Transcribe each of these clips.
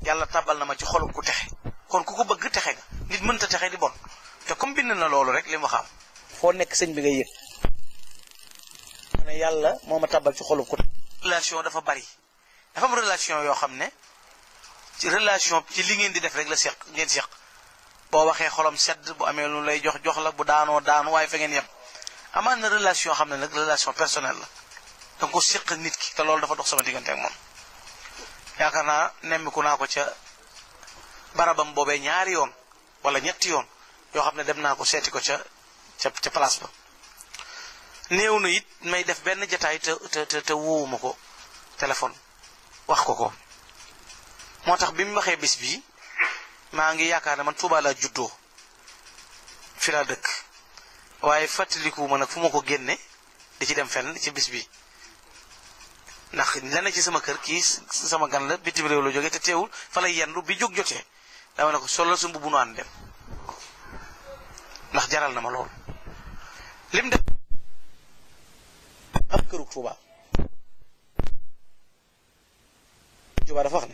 yàlla tabal na ma ci xolu ku texe kon ku ko bëgg texe nga nit mënta texe di bon te comme bind na loolu rek li ma xam foo nekk señ bi ngay yëg mu ne yàlla moo ma tabal ci xolu ku texe dafa bari dafa am relation yoo xam ne ci relation ci li ngeen di def rek la seq ngeen seq boo waxee xolam sedd bu amee lu lay jox jox la bu daanoo daanu waaye amaan na relation xam ne nag relation personnelle la danga seq nit ki te loolu dafa dox sama diggante moom yaakaar naa nemmiku naa ko ca barabam boobee ñaari yoon wala ñetti yoon yoo xam ne dem naa ko seeti ko ca ca ca place ba néew na it may def benn jataay te te te wóowuma ko téléphone wax ko ko moo tax bi mu waxee bis bi maa ngi yaakaar ne man Tuubaa juddoo fi laa dëkk waaye fàttaliku ma nag fu ma ko génne di ci dem fenn ci bis bi ndax la ci sama kër kii sama gan la bitim réew la jógee te teewul fa lay yendu bi jóg jotee dama ne ko solal su mbubb nu ànd dem ndax jaral na ma lool lim def am këru Tuuba Tuuba dafa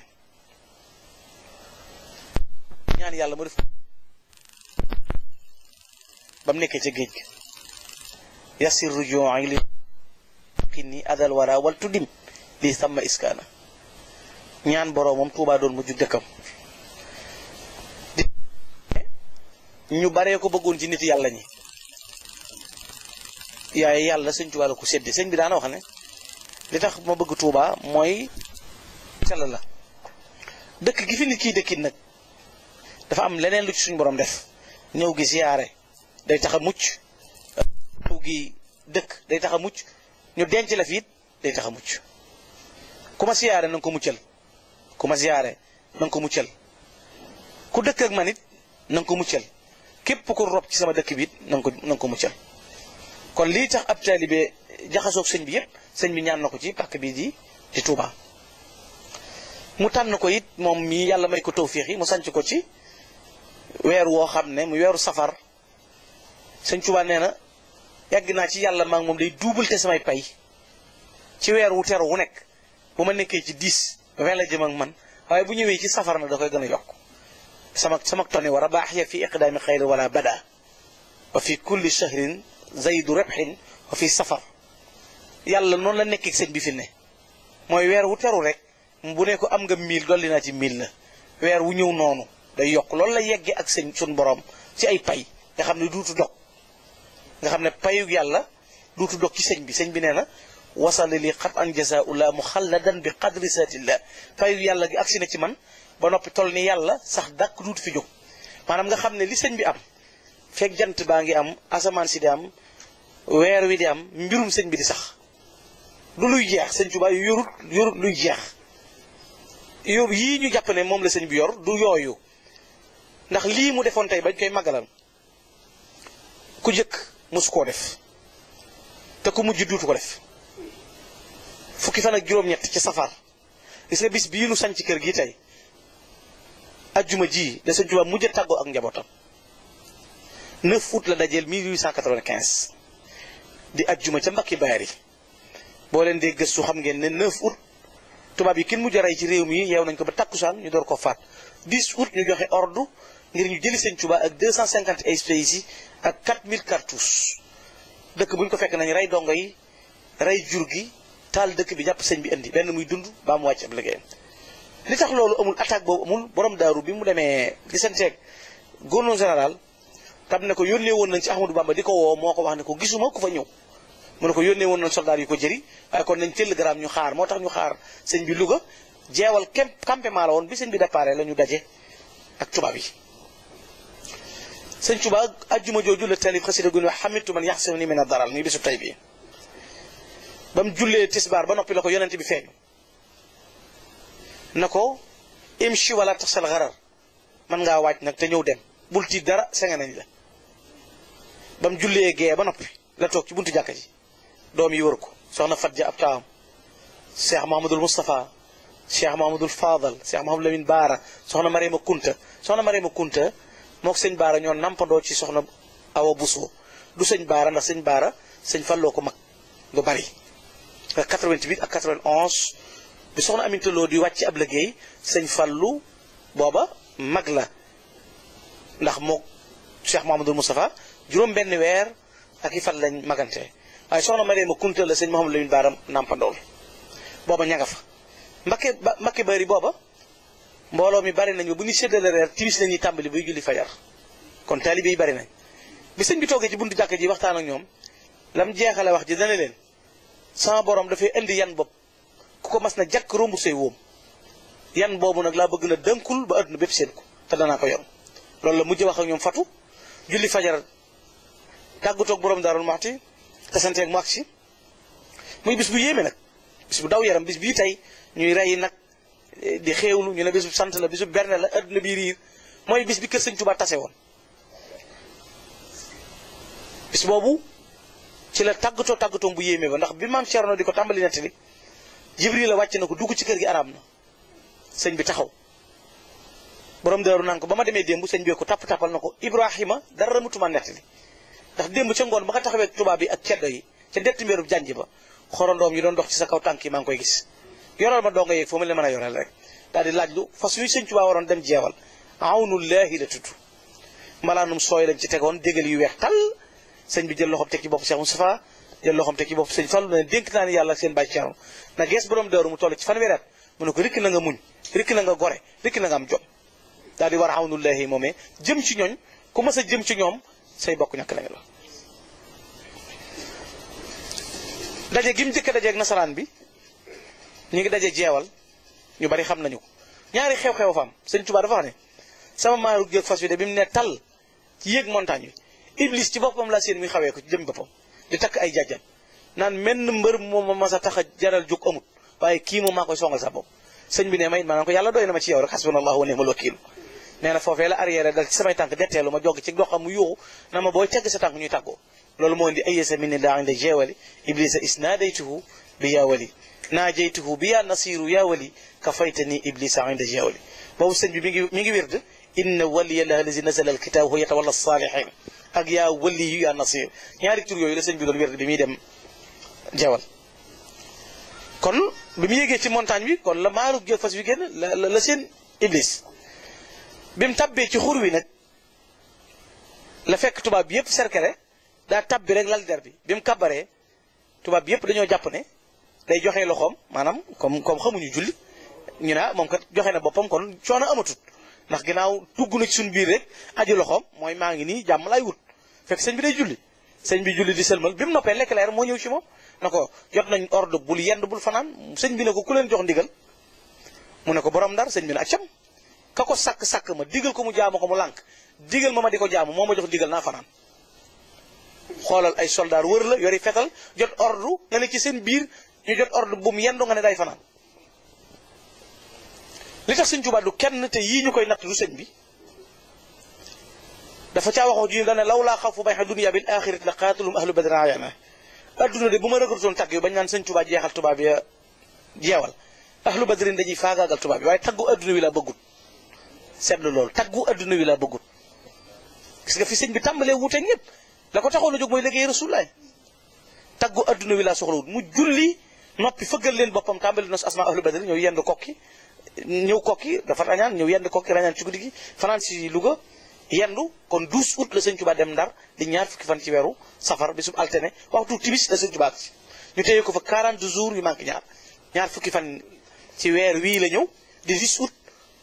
yàlla ma def ba mu nekkee ca géej ga yasir rujuan li qini adal wara wal tuddim lii sama iskaana ñaan boroomam Tuubaa doon mujj dëkkam ñu baree ko bëggoon ci nit yàlla ñi yaaye yàlla sëñ Tuubaa la ko sedd sëñ bi daana wax ne li tax ma bëgg Tuubaa mooy sell la dëkk gi fi nit kiy dëkkit nag dafa am leneen lu ci suñu borom def ñëw gi siyaare day tax a mucc ñëw gi dëkk day tax a mucc ñu denc la fi day tax a mucc kuma ma nang ko muccal ku ma siyaare na ko muccal ku dëkk ak manit nang ko képp ku rob ci sama dëkk bi nang ko na ko kon li tax ab taalibe jaxasoog sëñ bi yépp sëñ bi ñaan nako ci pàkk bi di ci Touba mu tan ko yit mom mi yalla may ko mu sanc ko ci wër wo xamné mu safar sëñ Touba nee na ci yalla mak mom day double te samay pay ci wër wu téru wu nek buma nekké ci 10 20 la jëm ak man waaye bu ñëwé ci safar na da koy gëna yok sama sama toni wara a ya fi iqdam xayri wala bada wa fi kulli shahrin zaydu rabh wa fi safar yàlla non la nekké seen bi fi ne moy wër wu teru rek bu ne ko am nga 1000 dolli naa ci 1000 la wër wu ñëw nonu day yok lool la yeggé ak seen sun borom ci ay pay nga xamné ne duutu dog nga xamné payu yàlla duutu dog ci seen bi seen bi neena wasala li mu xal jazaullah muxalladan bi qadri saatillah fayu yàlla gi agsi na ci man ba noppi toll ni yàlla sax dàkk duut fi jóg maanaam nga xam ne li sëñ bi am fekk jant baa ngi am asamaan si di am weer wi di am mbirum sëñ bi di sax du luy jeex sëñ Tuubaa yorut yorut luy jeex yow yii ñu jàpp ne moom la sëñ bi yor du yooyu ndax lii mu defoon tey bañ koy màggalal ku jëkk mosu koo def te ku mujj duutu ko def fukki fan ak juróom-ñett ci safar gis nga bis bi ñu sañ ci kër gi tay aljuma ji da Sëñ Tuubaa mujj a tàggoo ak njabotam 9 août la dajel 1895 di aljuma ca Mbakki bayari bo leen de gëstu xam ngeen ne 9 août tuba bi kin mujj a ci réew mi yew nañ ko ba takkusaan ñu door ko faat 10 août ñu joxe ordre ngir ñu jëli Sëñ tuba ak 250 espèces yi ak 4000 cartouches dëkk buñ ko fekk nañ ray dongay ray jurgi taal dëkk bi jàpp sëñ bi indi benn muy dund baa mu wàcc ab liggéeyam li tax loolu amul attaque boobu amul borom daaru bi mu demee gisanteeg gouverneur général tam ne ko yónnee woon nañ ci Ahmadou Bamba di ko woo moo ko wax ne ko gisuma ku fa ñëw mu ne ko yónnee woon nañ soldaar yu ko jëri waaye kon nañ télégramme ñu xaar moo tax ñu xaar sëñ bi Louga jeewal campement la woon bi sëñ bi déparé la ñu daje ak tubaab yi sëñ Tuubaa ajjuma jooju la taalif xasida gu ñu wax xamitu a daral muy bisu bi ba mu jullee tisbaar ba noppi la ko yonent bi feeñu na ko imshi wala taxsal xarar mën ngaa waaj nag te ñëw dem bul tiit dara senge nañ la ba mu jullee gee ba noppi la toog ci buntu jàkka ji doom yi wër ko soxna fat ja ab taawam cheikh mahamadul moustapha cheikh mahamadul fadal cheikh mahamadul lamin baara soxna mariama kunta soxna mariama kunta moo sëñ baara ñoo nampandoo ci soxna awa busoo du sëñ baara ndax sëñ baara sëñ falloo ko mag lu bari 88 ak 91 bi soxna Aminta Lo di wàcc ab liggéey sëñ Fallou booba magla la ndax mook Cheikh Mouhamadul Moustapha juróom ben weer ak i fal lañ magante waaye soxna Mariama Kunta la sëñ Mouhamadou Lamine Baaram nàmpandool booba ña nga fa Mbakke ba Mbakke bari booba mbooloo mi bari nañ ba bu ñu séddale reer timis lañuy tàmbali buy julli fajar kon taalibe yi bari nañ bi sëñ bi toogee ci buntu jàkk ji waxtaan ak ñoom lam jeexale wax ji dana leen sama boroom dafay indi yan bopp ku ko mas na jàkk romb say wóom yan boobu nag laa bëgg na dënkul ba àdduna bépp seen ko te danaa ko yoon loolu la mujj wax ñoom fatu julli fajar tàggutoog borom daarul maxti tasanteeg mu agsi muy bis bu yéeme nag bis bu daw yaram bis bi tey ñuy rey nag eh, di xéewlu ñu ne bis bu sant la bis bu berne la àdduna bi riir mooy bis bi kër sëñ Tuubaa tase woon bis boobu ci la tàggatoo tàggatoom bu yeme ba ndax bi mam di ko tàmbali nettali Jibril la nako duggu ci keur gi arab na señ bi taxaw borom daaru naan bama ba dembu señ bi ko tap tapal nako Ibrahima dara mutuma nettali ndax dembu ci ngoon ba nga taxawé tuba bi ak ceddo yi ci detti mbéeru janji ba xorondom yi don dox ci sa kaw tanki mang koy gis yoral ma dogay fo foo ma leen mën a rek daal di laaj dem jewal a'unullahi la lañ ci tegon degal yu sëñ bi jël loxoom teg ci bopp Cheikh Moustapha jël loxoom teg ci bopp sëñ Fallu ne dénk naa ne yàlla ak seen bàyyi Ceerno na gees borom daaru mu toll ci fanweeri at mu ne ko rikk na nga muñ rikk na nga gore rikk na nga am jom daal di war awnullahi moomee jëm ci ñooñ ku a jëm ci ñoom say bokk ñàkk nañu la daje gi a dajeeg nasaraan bi ñu ngi daje jeewal ñu bari xam nañu ko ñaari xew-xew fa am sëñ Tuubaa dafa wax ne sama maaru géeg fas wi de bi mu ne tall ci yéeg montagne bi iblis ci boppam la seen muy xawee ko jëm boppam di takk ay jajjam naan menn mbër moom ma sa tax a jaral jóg amut waaye kii moom maa koy songal sa bopp sëñ bi ne ma it maanaam ko yàlla doy na ma ci yow rek hasbunallahu wa ni'mal wakiil nee na foofee la arrière dal ci samay tànk detteelu ma jog ci doxam mu yuuxu na ma booy tegg sa tànk ñuy tàggoo loolu moo indi ayesa min ni daa inde jeewali iblisa isnaadaytuhu bi yaa wali naajaytuhu bi yaa nasiru yaa wali ka faytani iblisa inde jeewali boobu sëñ bi mi ngi mi ngi wérd inna waliya laha lazi nazala alkitaab huwa yatawalla saalihin ak yaa wëli yu yaa nasir ñaari tur yooyu la sëñ bi doon wér bi muy dem jawal kon bi mu yégee ci montagne bi kon la maaru gé fas wi génn la seen iblis bi mu ci xur wi nag la fekk tubaab bi yëpp serkere daa tabbi rek lal der bi bi mu kabaree tubaab bi yëpp dañoo jàpp ne day joxe loxoom maanaam comme comme xamuñu julli ñu ne ah, moom kat joxe na boppam kon coono amatut ndax ginnaaw dugg na ci suñu biir rek aji loxoom mooy maa ngi nii jàmm laay wut fek señ bi day julli señ bi julli di selmal bim noppé lek l'éclair mo ñew ci mom na jot nañ ordre bul yend bu fanan señ bi nako ku leen jox ndigal mu nako borom dar señ bi na accam kako sak sak ma digal ko mu jaamako mu lank digal mama diko di ko jaamu moo jox digal na fanan xolal ay soldat wër la yori fetal jot ordre nga ne ci seen biir ñu jot ordre bu mu yendu nga ne day fanan li tax señ du kenn te yi ñukoy nat du bi dafa caa waxoo ji dana law laa xawfu bayxa dunya bil axirati la qaatalum ahlu badrin ayaana adduna de bu ma rëgatoon tagg yu bañ naan sëñ Tuubaa jeexal tubaab ya jeewal ahlu badrin dañuy faagaagal tubaab yi waaye taggu adduna wi laa bëggut seetlu loolu taggu adduna wi laa bëggut gis nga fi sëñ bi tàmbalee wuuteeg ñëpp la ko taxoon a jóg mooy liggéey rasulaay taggu adduna wi laa soxlawut mu julli noppi fëggal leen boppam tàmbali nos asma ahlu badrin ñëw yendu kokki ñëw kokki dafa rañaan ñëw yendu kokki rañaan ci guddi gi fanaan si yandu kon 12 août le sëñ touba dem Ndar di ñaar fukki fan ci wéru safar bisub alterné waxtu tibis le sëñ touba ci ñu téyé ko fa 40 jours yu manki ñaar ñaar fukki fan ci wér wi la ñew di 10 août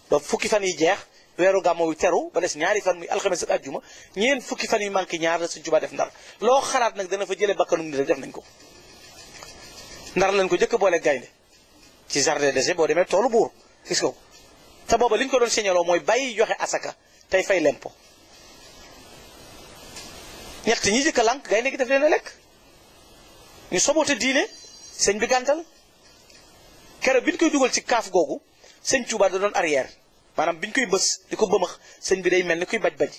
do fukki fan yi jeex wéru gamo wi téru ba dess ñaari fan muy alkhamis ak aljuma ñeen fukki fan yu manki ñaar le sëñ touba def Ndar lo xalaat nak dana fa jëlé bakkanum ni def nañ ko Ndar lañ ko jëk boole gaynde ci jardin des bo démé tolu buur gis ko ta bobu liñ ko doon signaloo moy bayyi joxe asaka tey fay lempo ñett ñi jëkk a lànk gaynde gi daf leen a lekk ñu soboote diine sëñ bi gàntal kero bi ñu koy dugal ci kaaf googu sëñ Tuubaa da doon arrière maanaam bi ñu koy bës di ko bëmax sëñ bi day mel ni kuy baj baj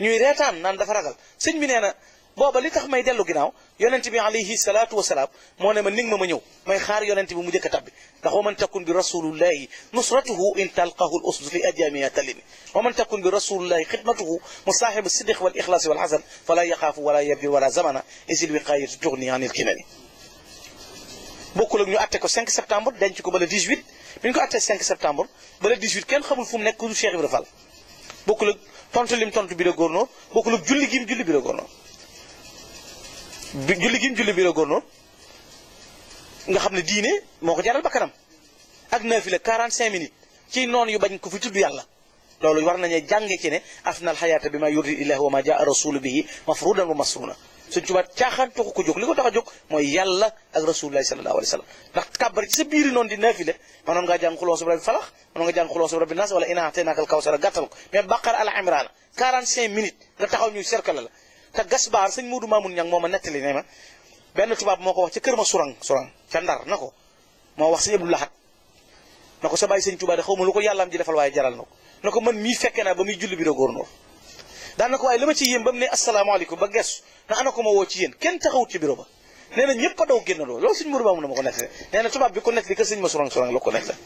ñuy reetaan naan dafa ragal sëñ bi nee na booba li tax may dellu ginnaaw yonent bi alayhi salaatu wasalaam moo ne ma ning ma ma ñëw may xaar yonent bi mu njëkk a tabbi ndax wa man takun bi rasulullahi nusratuhu in talqahu l usd fi ajamiha talimi wa man takun bi rasulillahi xidmatuhu mu saaxibu siddiq wal ixlaasi wal xasan fala yaxaafu wala yabi wala zamana isil wiqayatu tugni anil kinani bokkul ak ñu atte ko 5 septembre denc ko ba le 18 bi ñu ko atte 5 septembre ba le 18 kenn xamul fu mu nekk du Cheikh Ibrahima Fall bokkul ak tontu lim tontu bi la góornóor bokkul ak julli gi mu julli bi la góornóor julli gi mu julli bi la góorloo nga xam ne diine moo ko jaral bakkanam ak naafila 45 minutes ci noon yu bañ ko fi tudd yàlla loolu war nañu jànge ci ne afnal xayaata bi ma yurdi illah wa ma jaa rasulu bihi mafrudan wa masruna suñ tubaab caaxaan taxu ko jóg li ko tax a jóg mooy yàlla ak rasulullahi sallallahu alayhi wa sallam ndax kàbbar ci sa biiri noonu di naafile manoon ngaa jàng xuloo sabra bi falax manoon nga jàng xuloo sabra bi nas wala inaa tey naakal kawsara gàttal ko mais baqara al imran 45 minutes nga taxaw ñuy cercle la te Gaspard sëñ Moodu Mamoun Ñang moo ma nettali ne ma benn tubaab moo ko wax ca kër ma surang surang ca ndar na ko moo wax sëñ Abdou sa bàyyi sëñ xaw ma lu ko yàlla am waaye jaral na ko na ko man mii fekke naa ba bi da góornóor daan na ko ma ci yéem ba mu ne asalaamaaleykum ba gestu na ana ko woo ci yéen kenn taxawut ci bureau ba nee na ñëpp génn loolu loolu sëñ Moodu ma ko nettali nee na tubaab bi ko nettali kër sëñ ma surang surang la ko nettali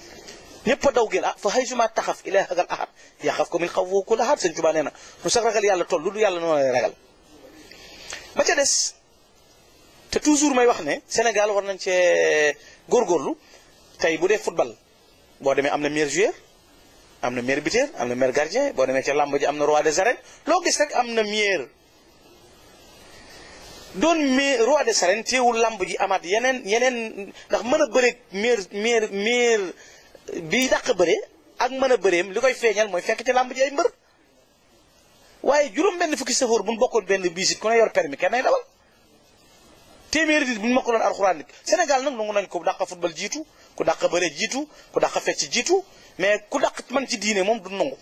ñëpp a daw génn ah fa haysuma taxaf ilaa ragal ahad yaxaf ko min xaw woo ko la ahad sëñ Tuubaa nee na mu sax ragal yàlla toll lu du yàlla noonu lay ragal ba ca des te toujours may wax ne Sénégal war nañ cee góorgóorlu tey bu dee football boo demee am na meilleur joueur am na maire buteur am na meilleur gardien boo demee ca làmb ji am na roi des arènes loo gis rek am na meilleur doon me roi des arènes teewul làmb ji amaat yeneen yeneen ndax mën a bëre meilleur meilleur bi dàq bëre ak mën a bëreem li koy feeñal mooy fekk ci làmb ji ay mbër waaye juróom benn fukki safoor bu ñu bokkoon benn biis it ku ne yor permis kenn nay dawal téeméeri nit bu ñu mokkaloon alxuraan nit Sénégal nag nangu nañ ko dàqa football jiitu ku dàqa bëre jiitu ku dàqa fecc jiitu mais ku daq man ci diine moom du nangu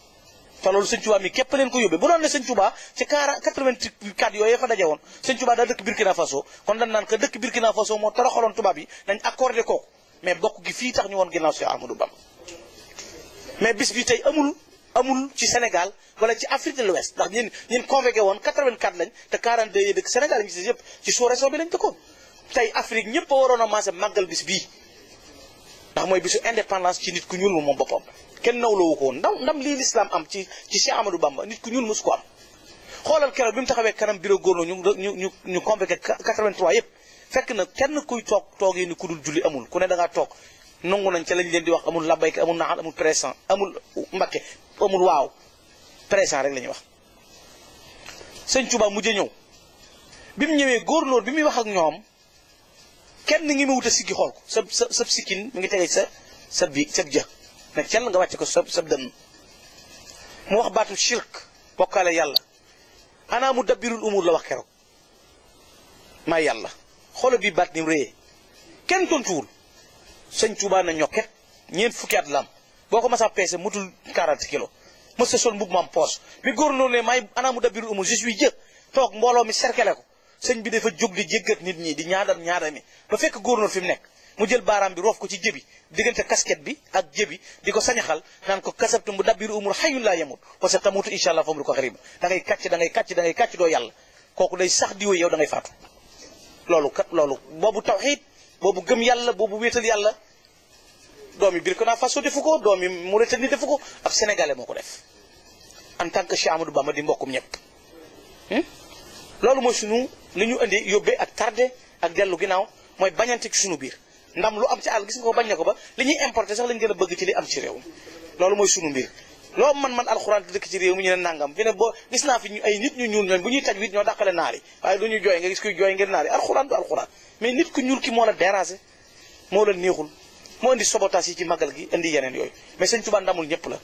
te loolu sëñ Tuubaa mi képp leen ko yóbbee bu doon ne sëñ Tuubaa ci 84 yooyu fa daje woon sëñ Tuubaa daa dëkk Burkina Faso kon dañ naan que dëkk Burkina Faso moo toroxaloon tubaab bokk gi fii tax woon ginnaaw si Amadou amul ci Sénégal wala ci Afrique de l'Ouest ndax ñun ñun convoqué woon 84 lañ te 42 yi dëkk Sénégal yi ñu si yëpp ci sous-région bi lañ dëkkoon tey Afrique ñëpp a waroon a maase màggal bis bii ndax mooy bisu indépendance ci nit ku ñuul moom boppam kenn nawloowu ko woon ndam ndam lii lislaam am ci ci Cheikh Amadou Bamba nit ku ñuul mosu ko am xoolal keroog bi mu taxawee kanam bureau góorloo ñu ñu ñu ñu convoqué 83 yëpp fekk na kenn kuy toog toogee ni ku dul julli amul ku ne da toog nangu nañ ca lañ leen di wax amul labbayka amul naxal amul présent amul mbakke amul waaw présent rek lañuy ñuy wax sëñ mu mujj ñëw bi mu ñëwee góor lool bi muy wax ak ñoom kenn ngi mu wut a siggi xool ko sab sab sikkin mu ngi tege sa sab bi sab jë nag cal nga wàcce ko sab sab dënn mu wax baatu shirk bokkaale yàlla xanaa mu dabbirul umur la wax keroog maa yàlla xoolal bii baat ni mu kenn tontuwul sëñ Touba na ñokket ñeent fukki at la am boko massa pesse mutul 40 kilo, mës sa sol mbub mam poos bi gor no ne may anaamu dabirul umu je suis je tok mbolo mi cercle ko sëñ bi defa jóg di jéggat nit ñi di ñaadam mi ba fekk gor no fim nek mu jël baram bi rof ko ci jëbi diggante casquette bi ak jebi, diko ko sañaxal naan ko kasabtu mu dabbiru umur xayun la yamut wa sa tamutu incha allah famru ko xarib da ngay katch da ngay katch da ngay katch do yalla koku day sax di wéy yow da ngay fat lolu kat lolu bobu tawhid bobu gëm yalla bobu yalla doomi Burkina Faso defu ko doomi Mauritanie defu ko ab sénégalais moo ko def en tant que Cheikh Amadou Bamba di mbokkum ñëpp hmm? loolu mooy sunu li ñu indi yóbbee ak tardé ak dellu ginnaaw mooy bañante sunu biir ndam lu am ci al gis nga ko bañ na ko ba li ñuy importé sax lañ gën a bëgg ci li am ci réew loolu mooy sunu mbir loo man man alxuraan di dëkk ci réew mi ñu ne nangam fi ne boo gis naa fi ñu ay nit ñu ñuul bu ñuy taj wit ñoo dàqale naar yi waaye du ñu jooy nga gis kuy jooy ngir naar yi alxuraan nit ku ñuul ki moo la déranger moo la neexul moo indi sabotage yi ci magal gi indi yeneen yooyu mais sëñ Tuubaa ndamul ñëpp la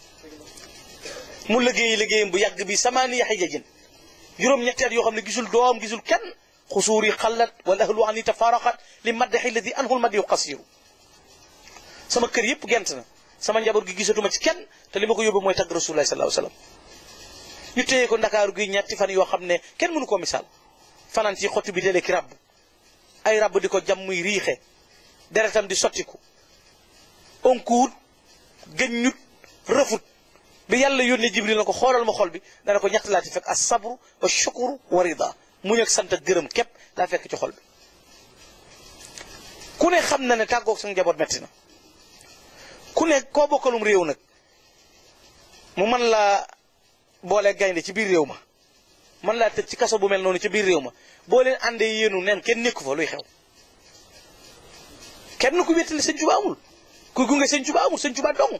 mu liggéey liggéeyam bu yàgg bi samaani yaxija jën juróom-ñetti at yoo xam ne gisul doom gisul kenn xusuur yi xallat wala ahlu an yi tafaaraxat li maddaxi ladi anhul mad yu xasiru sama kër yëpp gent na sama njaboot gi gisatuma ci kenn te li ma ko yóbbu mooy tagg rasulullah sallallahu alayhi wa sallam ñu téye ko ndakaaru gi ñetti fan yoo xam ne kenn mënu koo misaal fanaan ci xottu bi delee ki ay ràbb di ko jam muy riixe deretam di sottiku onkuut gëññut rëfut bi yàlla yónnee jibril na ko xoolal ma xol bi dana ko ñett laa ci fekk as sabru wa shukru wa rida mu ñëw sant ak gërëm képp laa fekk ci xol bi ku ne xam na ne tàggoog sa njaboot metti na ku ne koo bokkalum réew nag mu mën laa boole gaynde ci biir réew ma mën laa tëj ci kaso bu mel noonu ci biir réew ma boo leen àndee yéenu neen kenn nekku fa luy xew kenn ku wéttali sëñ Tuubaa amul ku gunge sëñ Tuubaa amul sëñ Tuubaa dong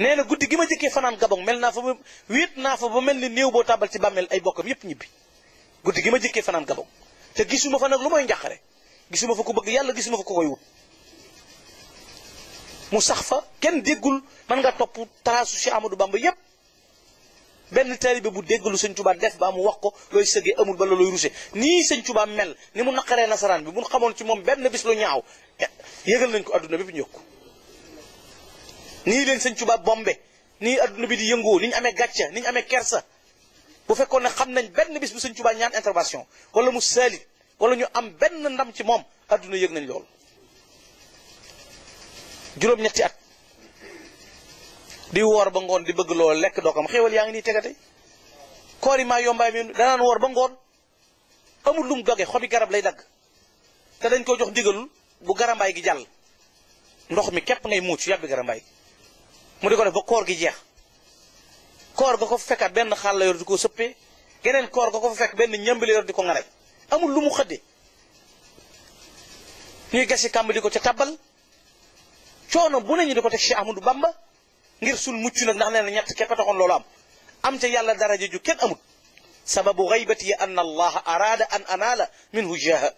nee na guddi gi ma jëkkee fanaan gabon mel naa fa ba wéet naa fa ba mel ni néew boo tàbbal ci bàmmeel ay bokkam yépp ñibbi guddi gi ma jëkkee fanaan gabon te gisuma fa nag lu mooy njàqare gisuma fa ko bëgg yàlla gisuma fa ko koy wut mu sax fa kenn déggul man nga topp taraasu si Amadou Bamba yépp benn taalibe bu déggalu sëñ Tuubaa def ba mu wax ko looy sëggee amul ba loolooy rusé nii sëñ Tuubaa mel ni mu naqaree nasaraan bi bu xamoon ci moom benn bis lu ñaaw eh, yëgal nañ ko adduna bi bu nii leen sëñ Tuubaa bombe nii adduna bi di yëngoo ni ñu amee gàcce ni amee kersa bu fekkoon ne xam nañ benn bis bu sëñ Tuubaa ñaan intervention wala mu saalit wala ñu am benn ndam ci moom àdduna yëg nañ lool juróom-ñetti at di woor ba ngoon di bëgg loolu lekk doo ko am xéewal yaa ngi nii tegate koor yi maa yombaay mi danaan woor ba ngoon amul lum doge xobi garab lay dagg te dañ ko jox ndigalul bu garambaay gi jàll ndox mi képp ngay muuc yàbbi garambaay gi mu di ko def ba koor gi jeex koor ga ko fekkaat benn xaal la yor ko sëppee keneen koor ga ko fa fekk benn ñambi la di ko ŋaraj amul lu mu xëdde ñuy gasi kàmb di ko ca tabbal coono bu nañu di ko teg Cheikh Ahmadou ngir sul mucc nag ndax nee na ñett képp loolu am am ca yàlla daraja ju kenn amul sababu xaybati yi anna allaha araada an anaala minhu jaha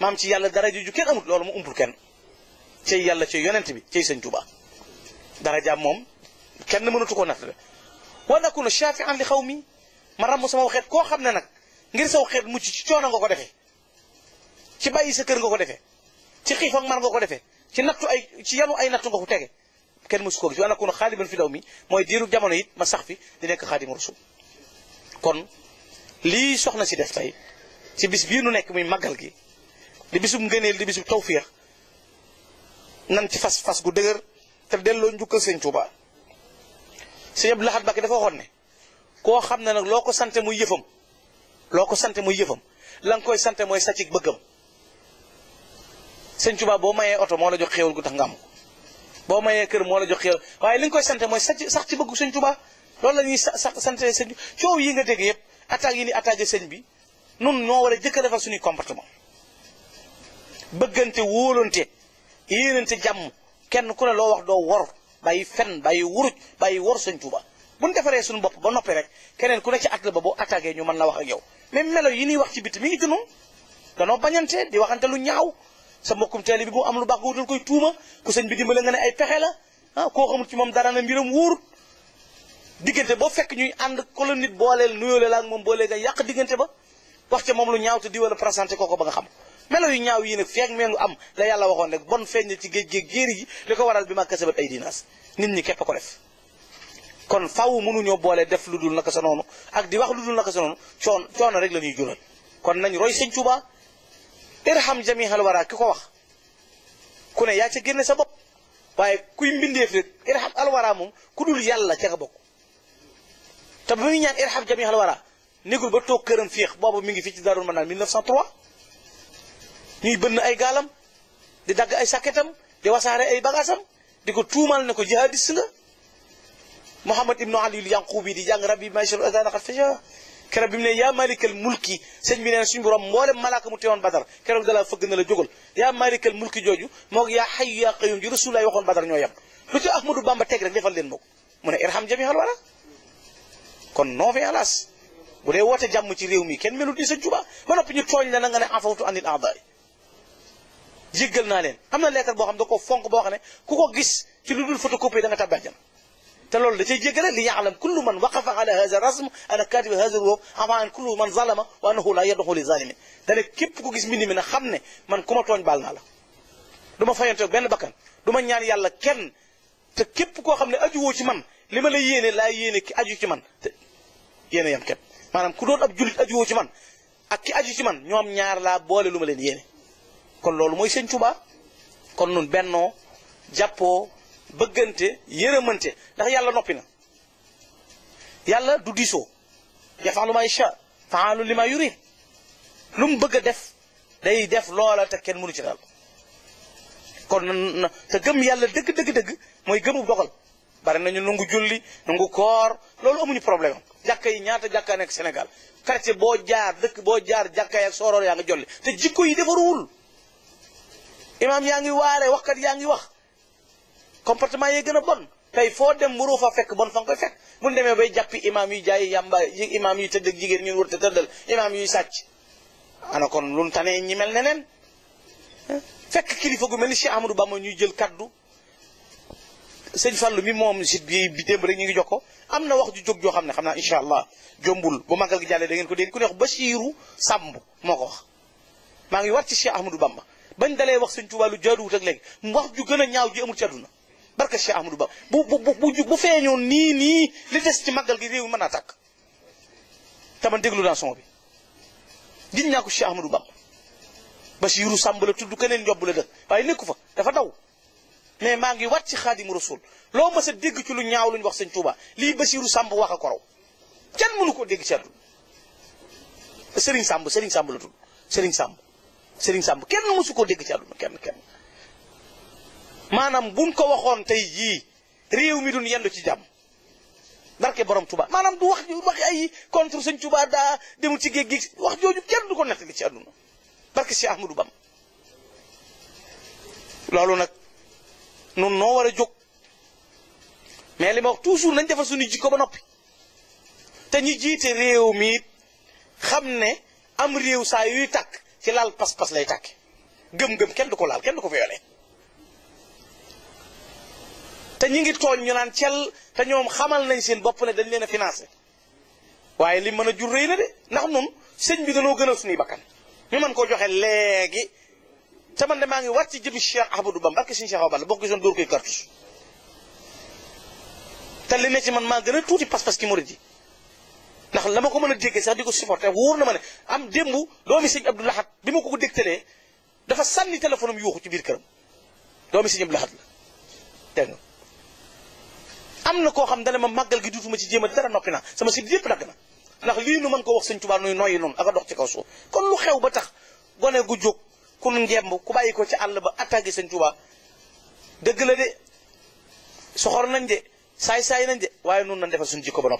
maam ci yàlla daraja ju kenn amul loolu mu umpul kenn cay yàlla cay yonent bi cay sañ Tuubaa darajaam moom kenn mënatu ko natt wa nakunu shafian li xaw mi ma ràmm sama xeet koo xam ne nag ngir saw xeet mucc ci coono nga ko defee ci bàyyi sa kër nga ko defee ci xiif ak mar nga ko defee ci nattu ay ci yanu ay nattu nga ko tege kenn mësu koo gis wa nakunu xaaliban fi daw mi mooy diiru jamono it ma sax fi di nekk xaadimu rasul kon lii soxna si def tey ci bis bii nu nekk muy màggal gi di bisum ngëneel di bisum tawfiix nan ci fas fas dëgër te delloo njukkal sëñ Touba sëñ Abdou Lahad Mbacké dafa waxoon ne koo xam ne nag loo ko sante muy yëfam loo ko sante muy yëfam la koy sante mooy sàcc bëggam sëñ Touba boo mayee oto moo la jox xéewal gu tax nga am boo mayee kër moo la jox waaye li nga koy sante mooy sàcc sax ci bëggu sëñ loolu la ñuy sax sante sëñ coow yi nga dégg yëpp attaques yi ni attaqué sëñ bi nun noo war a jëkk a defar suñuy comportement bëggante wóolante yéenante jàmm kenn ku ne lo wax do wor fen bayi wuruj bayi wor sëñ touba buñ defare suñu bop ba noppi rek keneen ku ne ci àll ba bo attaqué ñu mën la wax ak yow mais melo yi ni wax ci biti mi ngi gënoon danoo bañante di waxante lu ñaaw sa teeli bi bu am lu bax koy tuuma ku bi nga ne ay pexé la ah koo xamul ci mom dara na mbiram wóorut digënté bo fekk ñuy and ko la nit la ak mom boole ga yaq digënté ba wax ci mom lu ñaaw te di wala présenté koko ba nga xam melo yu ñaaw yii nag feek meengu am la yàlla waxoon rek bon feeñ na ci géej géej géer yi li ko waral bi ma kasabat ay dinaas nit ñi a ko def kon faw mënuñoo boole def lu dul naka sa noonu ak di wax lu dul naka sa noonu coon coono rek la ñuy jural kon nañ roy sëñ Tuuba irham jamihal wara ki ko wax ku ne yaa ca génne sa bopp waaye kuy mbindeef rek irham alwara moom ku dul yàlla ca nga bokk te ba muy ñaan irham jamihal wara négul ba toog këram féex boobu mi ngi fii ci Daarul Manaan 1903 ñuy bënn ay gaalam di dagg ay sàkketam di wasaare ay bagaasam di ko tuumal ne ko jihadiste nga Mouhamad ibnu Ali Yanqubi di jàng rabbi macha allah xat faja keroog bi mu ne yaa malikal mulki sëñ bi neen suñu borom mboolem malaaka mu teewoon badar keroog dala fëgg na la jógal yaa malikal mulki jooju moo yaa xayu yaa qayum ji rasulullaay waxoon badar ñoo yem lu ci Ahmadou Bamba teg rek defal leen ma ko mu ne irham jami xal wala kon non violence bu dee woote jàmm ci réew mi kenn melu di sa juba ba noppi ñu tooñ la na nga ne afawtu anil aadaay jéggal naa leen am na lekkal boo xam da ko fonk boo xam ne ku ko gis ci lu dul photocopie da nga tàbbi àjjana te loolu da cay jéggale li yaalam kullu man waqafa ala haza rasm ana a haza ruuf afa an kullu man zalama wa annahu la yadxu li zalimin te ne képp ku gis mbind mi ne xam ne man ku ma tooñ baal naa la du ma fayante benn bakkan du ma ñaan yàlla kenn te képp koo xam ne ajuwoo ci man li ma la yéene laa yéene ki aju ci man te yéene yam képp maanaam ku doon ab julit ajuwoo ci man ak ki aju ci man ñoom ñaar laa boole lu ma leen yéene kon loolu mooy sëñ Tuubaa kon nun bennoo jàppoo bëggante yërëmante ndax yàlla noppi na yàlla du diisoo yafalu ma yasha faalu li ma yurid lu mu bëgg a def day def loola te kenn mënu ci daal kon na te gëm yàlla dëgg dëgg dëgg mooy gëmu dogal bari nañu nangu julli nangu koor loolu amuñu problème am jàkka yi ñaata jàkka nekk Sénégal quartier boo jaar dëkk boo jaar jàkka yi ak sooroor yaa nga jolli te jikko yi defaruwul imaam yaa ngi waare waxkat yaa ngi wax comportement yee gën a bon tey foo dem waroo fa fekk bon fa nga koy fekk bu ñu demee bay jàppi imaam yi jaay yàmba imaam yu tëdd ak jigéen ñun warut a tëddal imaam yuy sàcc ana kon lu tane ñi mel neneen fekk kilifa gu mel ni Cheikh ñuy jël kaddu sëñ Fallou mi moom sit bi bi démb ñu ngi jox ko am na wax ju jóg joo xam ne xam naa incha allah jombul bu màggal gi jàllee da ko dégg ku ne ba siiru Sàmb moo ko wax maa ngi war ci Cheikh Ahmadou Bamba bañ dalee wax sëñ Tuubaa lu jaaduwut ak léegi wax ju gën a ñaaw ji amul ci àdduna Ba bu bu bu bu nii nii li ci màggal gi réew mi mën naa tàkk te man bi gis naa ko Cheikh Ahmadou Ba Basiiru Sàmb la tudd keneen njobb la dëkk waaye nekku fa dafa daw mais maa ngi wat ci xaadimu rasul loo mës a dégg ci lu ñaaw lu ñu wax sëñ Tuubaa lii Basiiru Sàmb wax a korow raw kenn mënu koo dégg ci àdduna Sëriñ Sàmb Sëriñ Sàmb la tudd Sëriñ Sàmb Serigne Samb kenn musu ko dégg ci aduna kenn kenn manam buñ ko waxoon tay jii rew mi dun yendu ci jam barke borom Touba manam du wax wax ay contre serigne Touba da demul ci geeg gi wax joju kenn du ko nettali ci aduna barke cheikh Ahmadou Bam lolou nak nun no wara jog mais li toujours nañ defa suñu jikko ba nopi te ñi jité rew mi xamne am rew sa yuy tak ci laal pas-pas lay tàkk gëm-gëm kenn du ko laal kenn du ko violé te ñi ngi tooñ ñu naan cel te ñoom xamal nañ seen bopp ne dañ leen a financé waaye li mën a jur rëy na de ndax moom sëñ bi danoo gënal suñuy bakkan ñu mën koo joxe léegi te man de maa ngi wàcc ci jëmi Cheikh Ahmadou du ak suñu Cheikh Awa Balla boo ko gisoon dóor koy kartus te li ne ci man maa gën a tuuti pas-pas ki murid yi ndax la ma ko mën a déggee sax di ko supporté wóor na ma ne am démb doomi sëñ Abdou Lahad bi ma ko ko dégtalee dafa sànni téléphone am yuuxu ci biir këram doomi sëñ Abdou Lahad la dégg am na koo xam dana ma màggal gi duutuma ci jéem a dara noppi naa sama si yëpp dagg na ndax lii nu mën ko wax sëñ Tuubaa nuy noyyi noonu ak dox ci kaw suuf kon lu xew ba tax gone gu jóg ku ngemb ku bàyyi ko ci àll ba attaqué sañ Tuubaa dëgg la de soxor nañ de saay saay nañ de waaye noonu nañ defal suñu jikko ba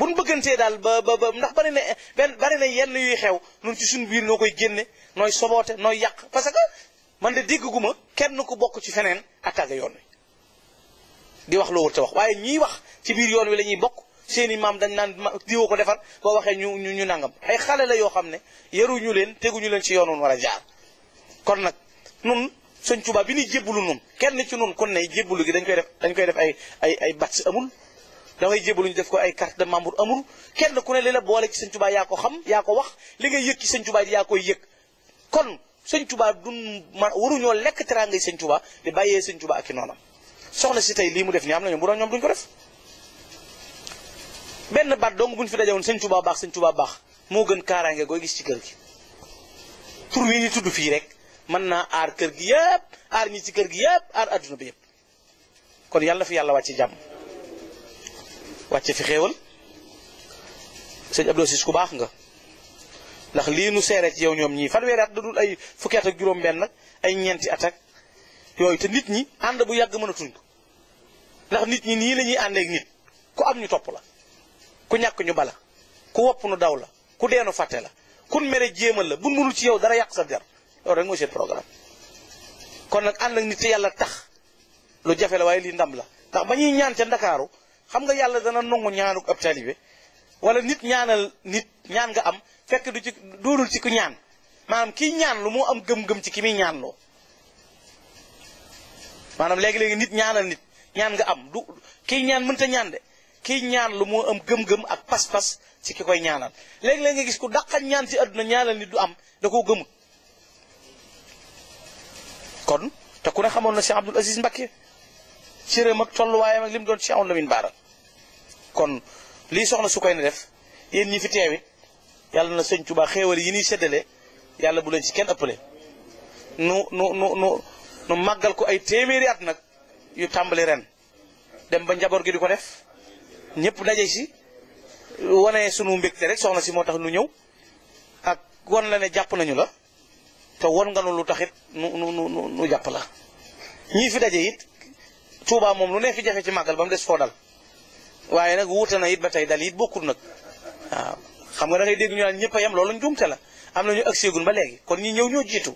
bu nu bëggantee daal ba ba ndax bari na benn bari na yenn yuy xew nun ci suñu biir noo koy génne nooy soboote nooy yàq parce que man de dégguma kenn ku bokk ci feneen attaque yoon wi di wax loo wër te wax waaye ñiy wax ci biir yoon wi la ñuy bokk seeni maam dañ naan diwoo ko defar boo waxee ñu ñu nàngam ay xale la yoo xam ne yaruñu leen teguñu leen ci yoon war a jaar kon nag nun sëñ Tuubaa bi ñuy jébbalu nun kenn ci nun kon ne jébbalu gi dañ koy def dañ koy def ay ay amul da ngay jébalu ñu def ko ay carte de membre amul kenn ku ne li la boole ci sëñ yaa ko xam yaa ko wax li ngay yëg ci sëñ Tuubaa yaa koy yëg kon sëñ Tuubaa du ma waruñoo lekk teraangay sëñ Tuubaa sëñ Tuubaa ak i noonam soxna si tey lii mu def nii am na ñoom bu doon ñoom duñ ko def benn baat dong buñ fi dajewoon sëñ baax sëñ Tuubaa baax moo gën kaaraange koy gis ci kër gi pour wi ñu tudd fii rek mën naa aar kër gi yëpp aar ñi ci kër gi yëpp aar adduna bi yëpp kon yàlla fi yàlla wàcc jàmm wacce fi xewal seigne Abdou Sis ku bax nga ndax li nu séré ci yow ñi fan wéré at du dul ay fukkat ak juroom ben nag ay ñenti at ak te nit ñi and bu yàgg mënatuñ ko ndax nit ñi ni lañuy andé ak nit ku am ñu top la ku ñak ñu bala ku wop nu daw la ku deenu faté la kun mere jéemal la bu mënul ci yow dara yàq sa jar yow rek mo programme kon nak and ak nit ci yalla tax lu jafé la way li ndam la tax bañuy ñaan ci xam nga yàlla dana nangu ñaanu ab taalibe wala nit ñaanal nit ñaan nga am fekk du ci ci ku ñaan maanaam kii ñaan lu moo am gëm-gëm ci ki muy ñaan loo maanaam léegi-léegi nit ñaanal nit ñaan nga am du kii ñaan mënta ñaan de kii ñaan lu moo am gëm-gëm ak pas-pas ci ki koy ñaanal léegi-léegi nga gis ku daqañ ñaan ci àdduna ñaanal nit du am da koo gëmut kon te ku ne xamoon na Cheikh Abdoul Aziz Mbacké cëram ak tolluwaayam ak lim doon ci amul Lamine Bara kon lii soxna su koy na def yéen ñi fi teewit yàlla na sëñ Tuubaa xéewal yi ñuy seddale yàlla bu leen ci kenn ëppale nu nu nu nu nu màggal ko ay téeméeri at nag yu tàmbali ren dem ba njaboot gi di ko def ñëpp daje si wane sunu mbégte rek soxna si moo tax nu ñëw ak won la ne jàpp nañu la te won nga nu lu taxit nu nu nu jàpp la ñii fi daje it Touba moom lu ne fi jafe ci màggal ba mu des foo dal waaye nag wuute na it ba tey dal it bokkul nag waaw xam nga da ngay dégg ñu naan ñëpp a yem loolu njuumte la am na ñu agseegun ba léegi kon ñi ñëw ñoo jiitu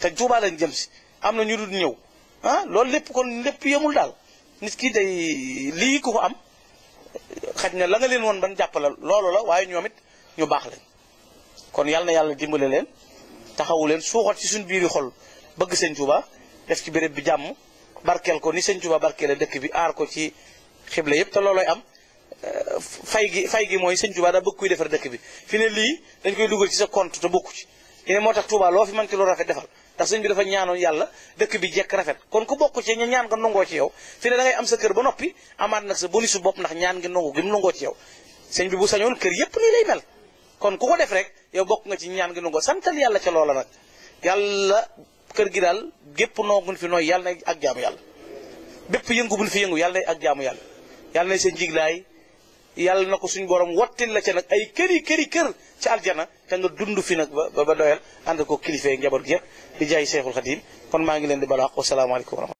te Touba lañ jëm si am na ñu dul ñëw ah loolu lépp kon lépp yemul daal nit ki day lii ku ko am xaj na la nga leen woon ban jàppale loolu la waaye ñoom it ñu baax lañ kon yàlla na yàlla dimbale leen taxawu leen suuxat ci suñ biiri xol bëgg seen Touba def ci béréb bi jàmm barkeel ko ni sëñ Tuba barkeele dëkk bi aar ko ci xibla yëpp te loolooy am eh, fay gi fay gi mooy sëñ Tuba daa bëgg kuy defar dëkk bi fi ne lii dañ koy dugal ci sa compte te bokku ci ine moo tax Tuba loo fi mën ci lu bi dafa ñaanoon yàlla dëkk bi jekk rafet kon ku bokk ci ñu ñaan nga nangoo ci yow fi ne da am sa kër ba noppi amaat nag sa bonisu bopp ndax ñaan ngi nangu gi mu ci yow sëñ bi bu sañoon kër yëpp nii lay mel kon ku ko def rek yow bokk nga ci ñaan gi nangoo santal yàlla ca loola nag yàlla kër gi daal gépp noo fi nooy yàlla na ak jaamu yàlla bépp yëngu buñ fi yëngu yàlla na ak jaamu yàlla yàlla na seen njiglaay yàlla na ko suñu borom wattil la ca nag ay këri këri kër ci aljana te nga dund fi nag ba doyal ànd ko kilifa yi njaboot gi yëpp di jaay Seexul Xadiim kon maa ngi leen di balaax wasalaamaaleykum